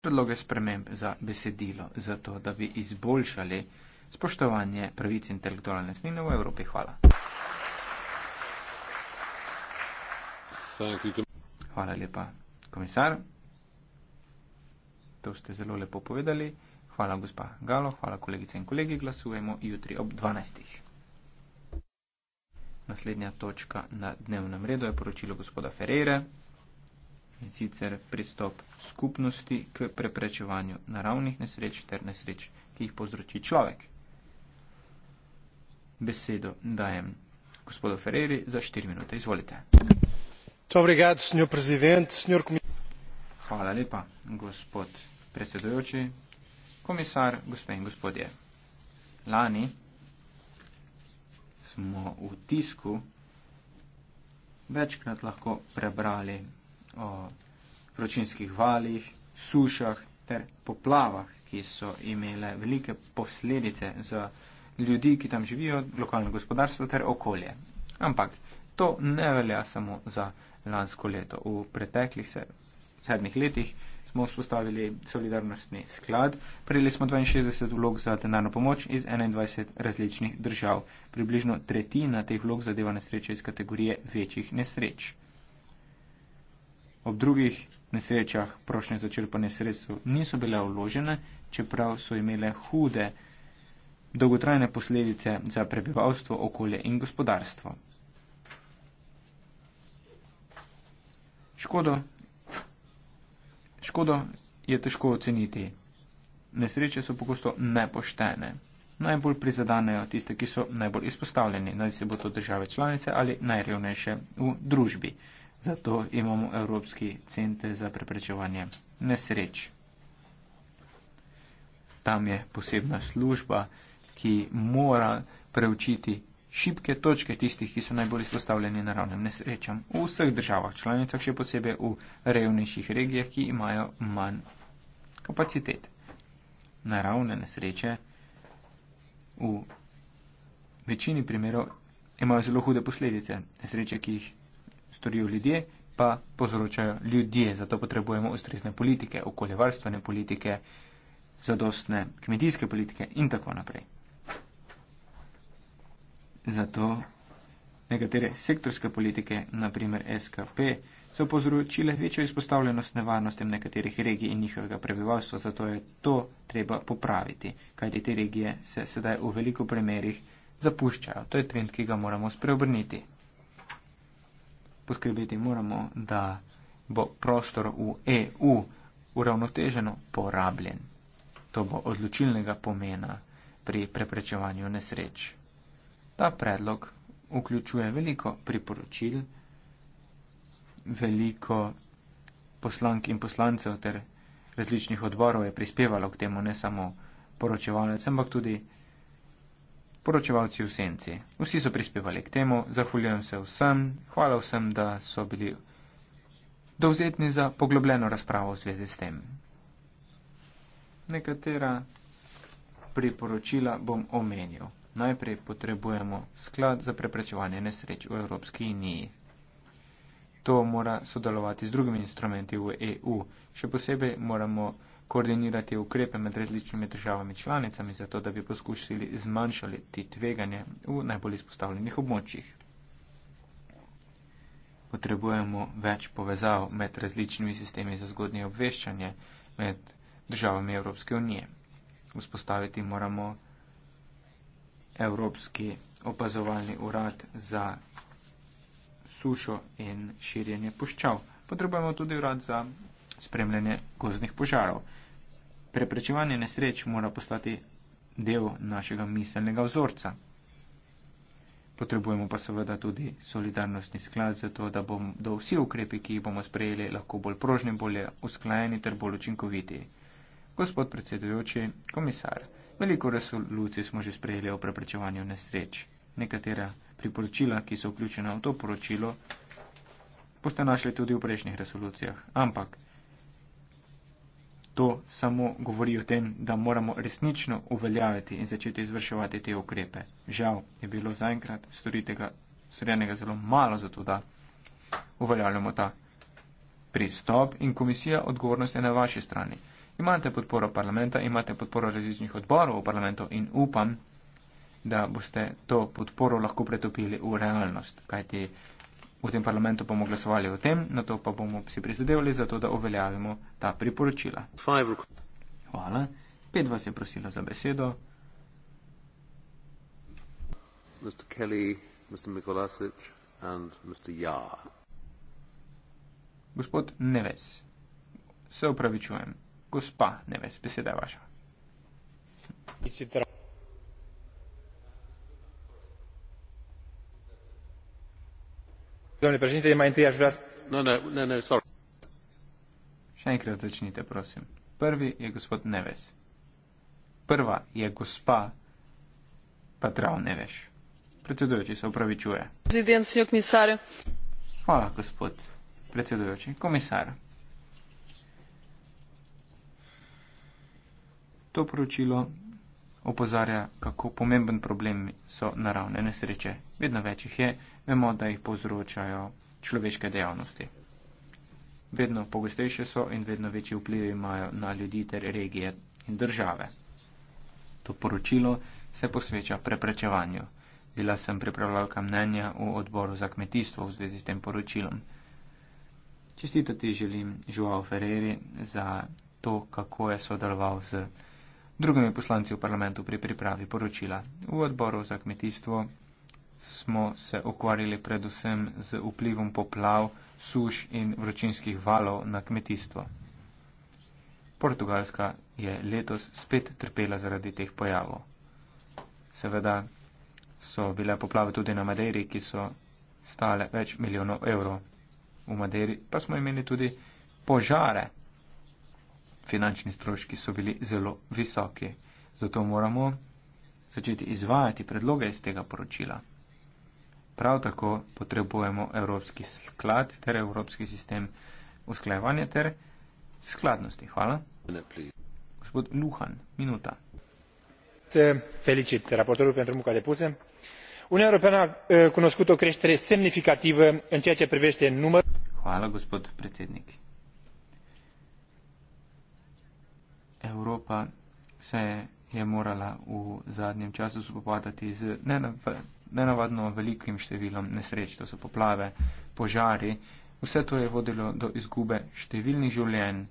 predloge sprememb za besedilo, zato da bi izboljšali spoštovanje pravic intelektualne snine v Evropi. Hvala. Hvala lepa, komisar. To ste zelo lepo povedali. Hvala, gospa Galo. Hvala, kolegice in kolegi. Glasujemo jutri ob 12. Naslednja točka na dnevnem redu je poročilo gospoda Ferreira in sicer pristop skupnosti k preprečevanju naravnih nesreč ter nesreč, ki jih povzroči človek. Besedo dajem gospodu Ferreri za 4 minute. Izvolite. Hvala lepa, gospod predsedujoči, komisar, gospe in gospodje. Lani smo v tisku večkrat lahko prebrali o vročinskih valih, sušah ter poplavah, ki so imele velike posledice za ljudi, ki tam živijo, lokalno gospodarstvo ter okolje. Ampak to ne velja samo za lansko leto. V preteklih se, sedmih letih smo vzpostavili solidarnostni sklad. Prejeli smo 62 vlog za denarno pomoč iz 21 različnih držav. Približno tretjina teh vlog zadeva nesreče iz kategorije večjih nesreč. Ob drugih nesrečah prošnje za črpanje sredstev niso bile vložene, čeprav so imele hude, dolgotrajne posledice za prebivalstvo, okolje in gospodarstvo. Škodo, škodo je težko oceniti. Nesreče so pogosto nepoštene. Najbolj prizadanejo tiste, ki so najbolj izpostavljeni, naj se bo to države članice ali najrevnejše v družbi. Zato imamo Evropski center za preprečevanje nesreč. Tam je posebna služba, ki mora preučiti šibke točke tistih, ki so najbolj izpostavljeni naravnim nesrečam v vseh državah članicah, še posebej v revnejših regijah, ki imajo manj kapacitet. Naravne nesreče v večini primerov imajo zelo hude posledice. Nesreče, ki jih storijo ljudje, pa povzročajo ljudje. Zato potrebujemo ustrezne politike, okoljevarstvene politike, zadostne kmetijske politike in tako naprej. Zato nekatere sektorske politike, naprimer SKP, so povzročile večjo izpostavljenost nevarnostem nekaterih regij in njihovega prebivalstva, zato je to treba popraviti, kajti te regije se sedaj v veliko primerjih zapuščajo. To je trend, ki ga moramo spreobrniti poskrbeti moramo, da bo prostor v EU uravnoteženo porabljen. To bo odločilnega pomena pri preprečevanju nesreč. Ta predlog vključuje veliko priporočil, veliko poslank in poslancev ter različnih odborov je prispevalo k temu ne samo poročevalcem, ampak tudi poročevalci v senci. Vsi so prispevali k temu, zahvaljujem se vsem, hvala vsem, da so bili dovzetni za poglobljeno razpravo v zvezi s tem. Nekatera priporočila bom omenil. Najprej potrebujemo sklad za preprečevanje nesreč v Evropski uniji. To mora sodelovati z drugimi instrumenti v EU. Še posebej moramo koordinirati ukrepe med različnimi državami članicami, zato da bi poskušali zmanjšati ti tveganje v najbolj izpostavljenih območjih. Potrebujemo več povezav med različnimi sistemi za zgodnje obveščanje med državami Evropske unije. Vzpostaviti moramo Evropski opazovalni urad za sušo in širjenje puščav. Potrebujemo tudi urad za spremljanje gozdnih požarov. Preprečevanje nesreč mora postati del našega miselnega vzorca. Potrebujemo pa seveda tudi solidarnostni sklad, zato da bodo vsi ukrepi, ki jih bomo sprejeli, lahko bolj prožni, bolje usklajeni ter bolj učinkoviti. Gospod predsedujoči, komisar, veliko resolucij smo že sprejeli o preprečevanju nesreč. Nekatera priporočila, ki so vključena v to poročilo, boste našli tudi v prejšnjih resolucijah. Ampak to samo govori o tem, da moramo resnično uveljavljati in začeti izvrševati te ukrepe. Žal je bilo zaenkrat storjenega zelo malo za to, da uveljavljamo ta pristop in komisija odgovornost je na vaši strani. Imate podporo parlamenta, imate podporo različnih odborov v parlamentu in upam, da boste to podporo lahko pretopili v realnost, kajti v tem parlamentu bomo glasovali o tem, na to pa bomo si prizadevali za to, da uveljavimo ta priporočila. Hvala. Pet vas je prosilo za besedo. Mr. Kelly, Mr. Mikolasic and Mr. Jar. Gospod Neves, se upravičujem. Gospa Neves, beseda je vaša. Isitra. No, no, no, Še enkrat začnite, prosim. Prvi je gospod Neves. Prva je gospa Patrao Neves. Predsedujoči se upravičuje. Hvala, gospod predsedujoči. Komisar. To poročilo opozarja, kako pomemben problem so naravne nesreče. Vedno več jih je, vemo, da jih povzročajo človeške dejavnosti. Vedno pogostejše so in vedno večji vpliv imajo na ljudi ter regije in države. To poročilo se posveča preprečevanju. Bila sem pripravljalka mnenja v odboru za kmetijstvo v zvezi s tem poročilom. Čestitati želim Žuao Ferreri za to, kako je sodeloval z drugimi poslanci v parlamentu pri pripravi poročila. V odboru za kmetijstvo smo se ukvarjali predvsem z vplivom poplav, suš in vročinskih valov na kmetijstvo. Portugalska je letos spet trpela zaradi teh pojavov. Seveda so bile poplave tudi na Madeiri, ki so stale več milijonov evrov. V Madeiri pa smo imeli tudi požare finančni stroški so bili zelo visoki. Zato moramo začeti izvajati predloge iz tega poročila. Prav tako potrebujemo Evropski sklad ter Evropski sistem usklajevanja ter skladnosti. Hvala. Gospod Luhan, minuta. Se felicit raportorul pentru munca depusă. Uniunea Europeană a e, cunoscut o creștere semnificativă în ceea ce privește numărul. Hvala, gospod predsednik. Evropa se je morala v zadnjem času spopadati z nenavadno velikim številom nesreč, to so poplave, požari. Vse to je vodilo do izgube številnih življenj,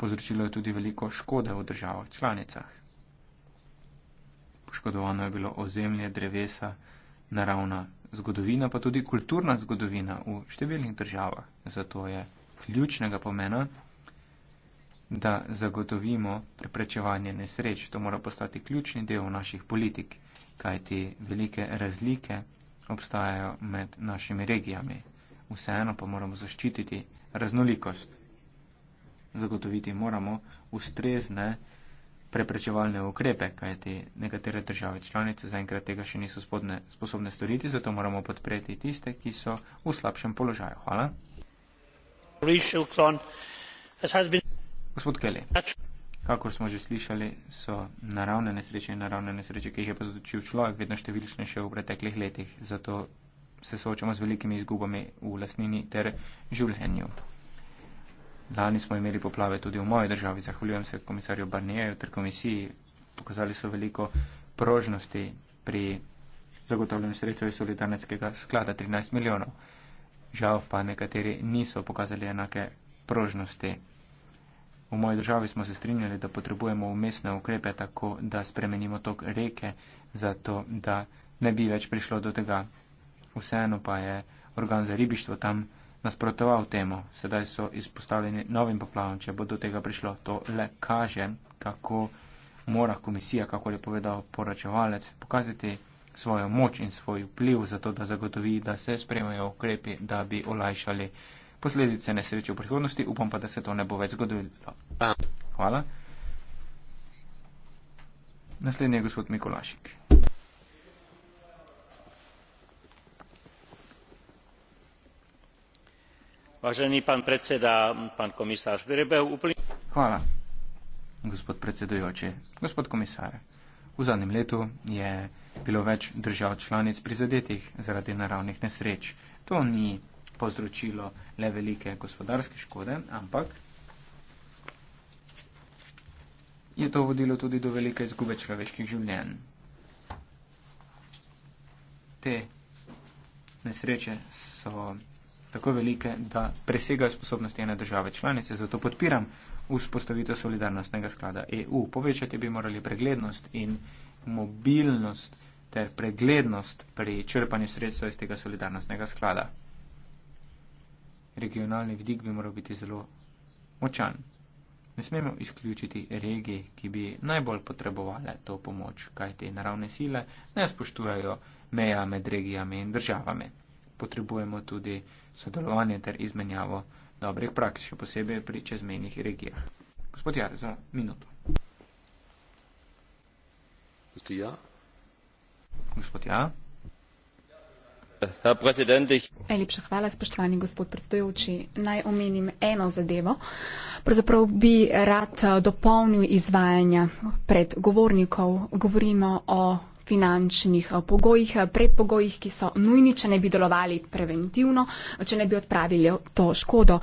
povzročilo je tudi veliko škode v državah članicah. Poškodovano je bilo ozemlje, drevesa, naravna zgodovina, pa tudi kulturna zgodovina v številnih državah. Zato je ključnega pomena da zagotovimo preprečevanje nesreč. To mora postati ključni del naših politik, kajti velike razlike obstajajo med našimi regijami. Vseeno pa moramo zaščititi raznolikost. Zagotoviti moramo ustrezne preprečevalne ukrepe, kajti nekatere države članice zaenkrat tega še niso spodne, sposobne storiti, zato moramo podpreti tiste, ki so v slabšem položaju. Hvala. Rešil klon. Gospod Kele. Kakor smo že slišali, so naravne nesreče in naravne nesreče, ki jih je povzročil človek, vedno številčne še v preteklih letih. Zato se soočamo z velikimi izgubami v lasnini ter življenju. Lani smo imeli poplave tudi v moji državi. Zahvaljujem se komisarju Barnijeju ter komisiji. Pokazali so veliko prožnosti pri zagotovljenju sredstva iz solidarnetskega sklada 13 milijonov. Žal pa nekateri niso pokazali enake prožnosti. V moji državi smo se strinjali, da potrebujemo umestne ukrepe tako, da spremenimo tok reke, zato da ne bi več prišlo do tega. Vseeno pa je organ za ribištvo tam nasprotoval temu. Sedaj so izpostavljeni novim poplavam, če bo do tega prišlo. To le kaže, kako mora komisija, kako je povedal poročevalec, pokazati svojo moč in svoj vpliv, zato da zagotovi, da se spremajo ukrepi, da bi olajšali posledice nesreče v prihodnosti, upam pa, da se to ne bo več zgodilo. Hvala. Naslednji je gospod Mikolašik. Važený pán predseda, pán komisár, priebehu úplne... Hvala, gospod predsedujoči. Gospod komisár, v zadnjem letu je bilo več držav članic prizadetih zaradi naravnih nesreč. To ni povzročilo le velike gospodarske škode, ampak je to vodilo tudi do velike izgube človeških življenj. Te nesreče so tako velike, da presegajo sposobnosti ene države članice, zato podpiram vzpostavitev solidarnostnega sklada EU. Povečati bi morali preglednost in mobilnost ter preglednost pri črpanju sredstva iz tega solidarnostnega sklada regionalni vidik bi moral biti zelo močan. Ne smemo izključiti regij, ki bi najbolj potrebovali to pomoč, kaj te naravne sile ne spoštujajo meja med regijami in državami. Potrebujemo tudi sodelovanje ter izmenjavo dobrih praks, še posebej pri čezmenih regijah. Gospod Jar, za minuto. Gospod Ja. Gospod Ja. Najlepša hvala, spoštovani gospod predstojoči. Naj omenim eno zadevo. Pravzaprav bi rad eh, dopolnil izvajanja pred govornikov. Govorimo o finančnih eh, pogojih, eh, predpogojih, ki so nujni, če ne bi delovali preventivno, če ne bi odpravili to škodo.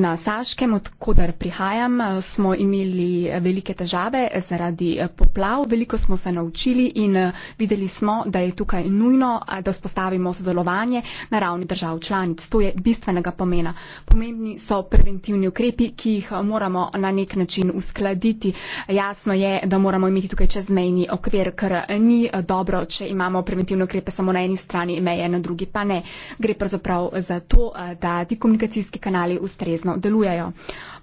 Na Saškem, odkudar prihajam, eh, smo imeli velike težave zaradi poplav, veliko smo se naučili in videli smo, da je tukaj nujno, da spostavimo sodelovanje na ravni držav članic. To je bistvenega pomena. Pomembni so preventivni ukrepi, ki jih moramo na nek način uskladiti. Jasno je, da moramo imeti tukaj čezmejni okvir, ker ni dobro, če imamo preventivne ukrepe samo na eni strani meje, na drugi pa ne. Gre pravzaprav za to, eh, da ti komunikacijski kanali ustrezno delujejo.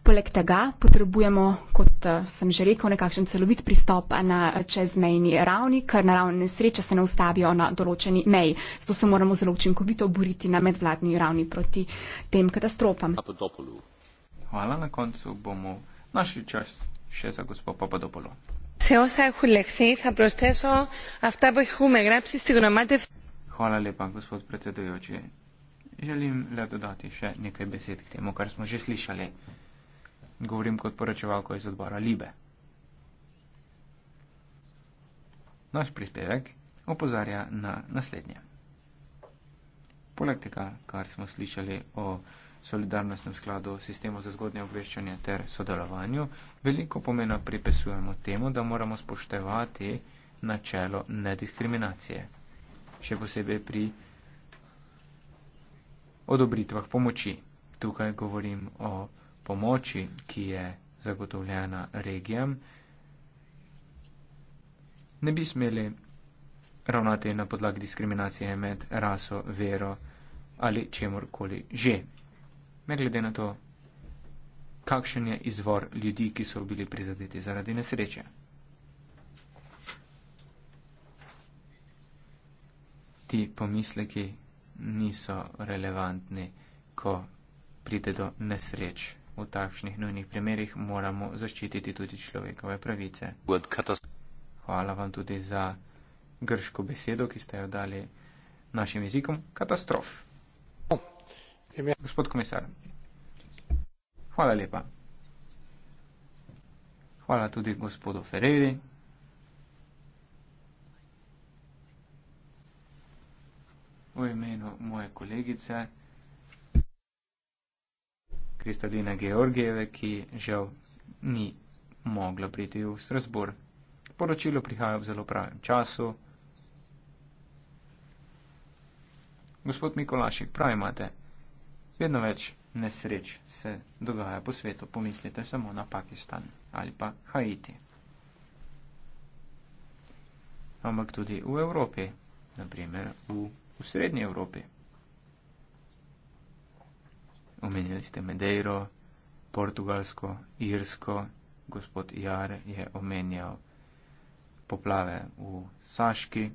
Poleg tega potrebujemo, kot eh, sem že rekel, nekakšen celovit pristop na čezmejni ravni, ker naravne sreče se ne ustavijo na določeni meji. Zato se moramo zelo učinkovito boriti na medvladni ravni proti tem katastrofam. Hvala, na koncu bomo našli čas še za gospod Papadopolo σε όσα έχουν λεχθεί. Θα προσθέσω αυτά που έχουμε γράψει στη γνωμάτευση. Hvala lepa, gospod predsedujoči. Želim le dodati še nekaj besed k temu, kar smo že slišali. Govorim kot poročevalko iz odbora Libe. Naš prispevek opozarja na naslednje. Poleg tega, kar smo slišali o solidarnostnem skladu, sistemu za zgodnje obveščanje ter sodelovanju, veliko pomena pripisujemo temu, da moramo spoštevati načelo nediskriminacije, še posebej pri odobritvah pomoči. Tukaj govorim o pomoči, ki je zagotovljena regijam. Ne bi smeli ravnati na podlagi diskriminacije med raso, vero ali čemorkoli že ne glede na to, kakšen je izvor ljudi, ki so bili prizadeti zaradi nesreče. Ti pomisleki niso relevantni, ko pride do nesreč. V takšnih nujnih primerih moramo zaščititi tudi človekove pravice. Hvala vam tudi za grško besedo, ki ste jo dali našim jezikom katastrof. Gospod komisar. Hvala lepa. Hvala tudi gospodu Ferreri. V imenu moje kolegice Kristadine Georgijeve, ki žal ni mogla priti v Strasbourg. Poročilo prihaja v zelo pravem času. Gospod Mikolašik, pravi imate. Vedno več nesreč se dogaja po svetu, pomislite samo na Pakistan ali pa Haiti. Ampak tudi v Evropi, naprimer v, v srednji Evropi. Omenili ste Medeiro, Portugalsko, Irsko, gospod Jar je omenjal poplave v Saški.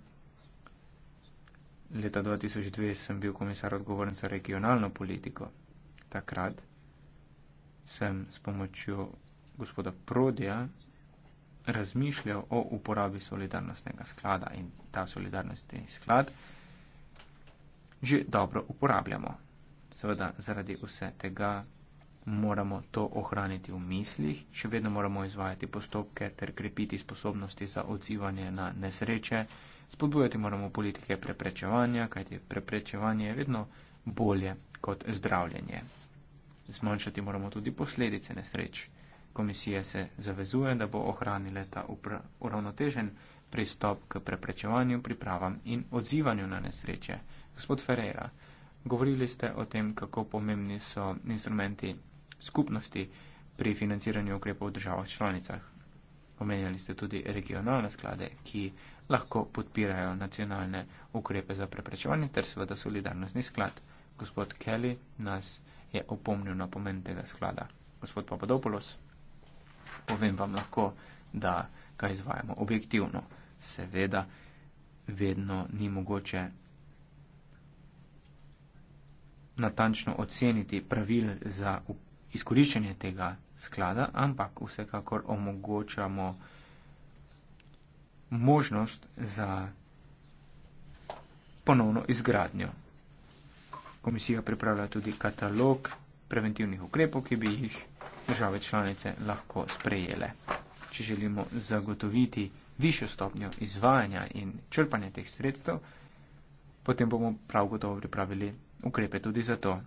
Leta 2002 sem bil komisar odgovoren za regionalno politiko. Takrat sem s pomočjo gospoda Prodija razmišljal o uporabi solidarnostnega sklada in ta solidarnostni sklad že dobro uporabljamo. Seveda zaradi vse tega moramo to ohraniti v mislih, še vedno moramo izvajati postopke ter krepiti sposobnosti za odzivanje na nesreče Spodbujati moramo politike preprečevanja, kajti preprečevanje je vedno bolje kot zdravljenje. Zmanjšati moramo tudi posledice nesreč. Komisija se zavezuje, da bo ohranila ta uravnotežen pristop k preprečevanju, pripravam in odzivanju na nesreče. Gospod Ferreira, govorili ste o tem, kako pomembni so instrumenti skupnosti pri financiranju ukrepov v državah članicah. Omenjali ste tudi regionalne sklade, ki lahko podpirajo nacionalne ukrepe za preprečevanje ter seveda solidarnostni sklad. Gospod Kelly nas je opomnil na pomen tega sklada. Gospod Papadopoulos, povem vam lahko, da ga izvajamo objektivno. Seveda, vedno ni mogoče natančno oceniti pravil za izkoriščanje tega sklada, ampak vsekakor omogočamo, možnost za ponovno izgradnjo. Komisija pripravlja tudi katalog preventivnih ukrepov, ki bi jih države članice lahko sprejele, če želimo zagotoviti višjo stopnjo izvajanja in črpanja teh sredstev. Potem bomo prav gotovo pripravili ukrepe tudi za to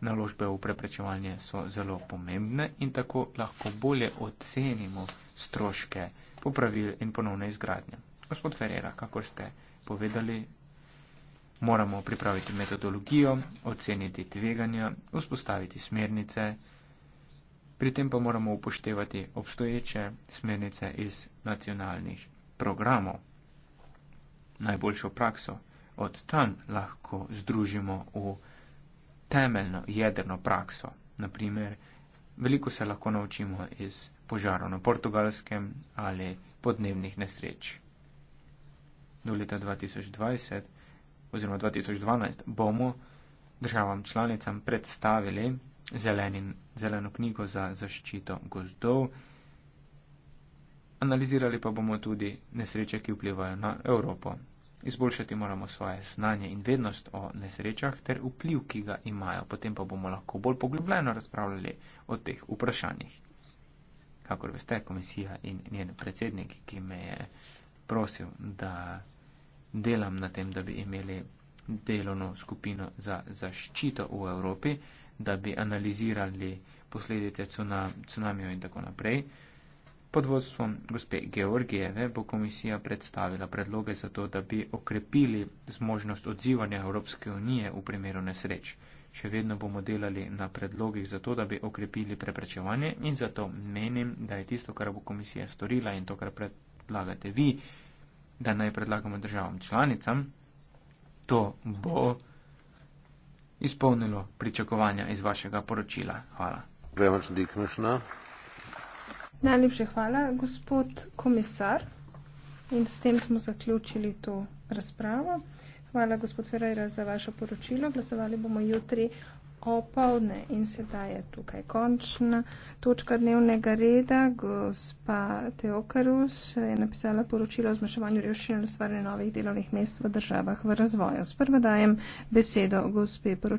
naložbe v preprečevanje so zelo pomembne in tako lahko bolje ocenimo stroške popravil in ponovne izgradnje. Gospod Ferreira, kakor ste povedali, moramo pripraviti metodologijo, oceniti tveganja, vzpostaviti smernice, pri tem pa moramo upoštevati obstoječe smernice iz nacionalnih programov. Najboljšo prakso od tam lahko združimo v temeljno jedrno prakso. Naprimer, veliko se lahko naučimo iz požarov na portugalskem ali podnebnih nesreč. Do leta 2020 oziroma 2012 bomo državam članicam predstavili zelenin, zeleno knjigo za zaščito gozdov. Analizirali pa bomo tudi nesreče, ki vplivajo na Evropo. Izboljšati moramo svoje znanje in vednost o nesrečah ter vpliv, ki ga imajo. Potem pa bomo lahko bolj poglobljeno razpravljali o teh vprašanjih. Kakor veste, komisija in njen predsednik, ki me je prosil, da delam na tem, da bi imeli delovno skupino za zaščito v Evropi, da bi analizirali posledice cunamijo in tako naprej. Pod vodstvom gospe Georgijeve bo komisija predstavila predloge za to, da bi okrepili zmožnost odzivanja Evropske unije v primeru nesreč. Še vedno bomo delali na predlogih za to, da bi okrepili preprečevanje in zato menim, da je tisto, kar bo komisija storila in to, kar predlagate vi, da naj predlagamo državam članicam, to bo izpolnilo pričakovanja iz vašega poročila. Hvala. Very much indeed, Commissioner. Najlepša hvala, gospod komisar. In s tem smo zaključili to razpravo. Hvala, gospod Ferreira, za vaše poročilo. Glasovali bomo jutri opovdne in sedaj je tukaj končna točka dnevnega reda. Gospa Teokarus je napisala poročilo o zmanjševanju revščine in ustvarjanju novih delovnih mest v državah v razvoju. Sprva dajem besedo gospe poročilo.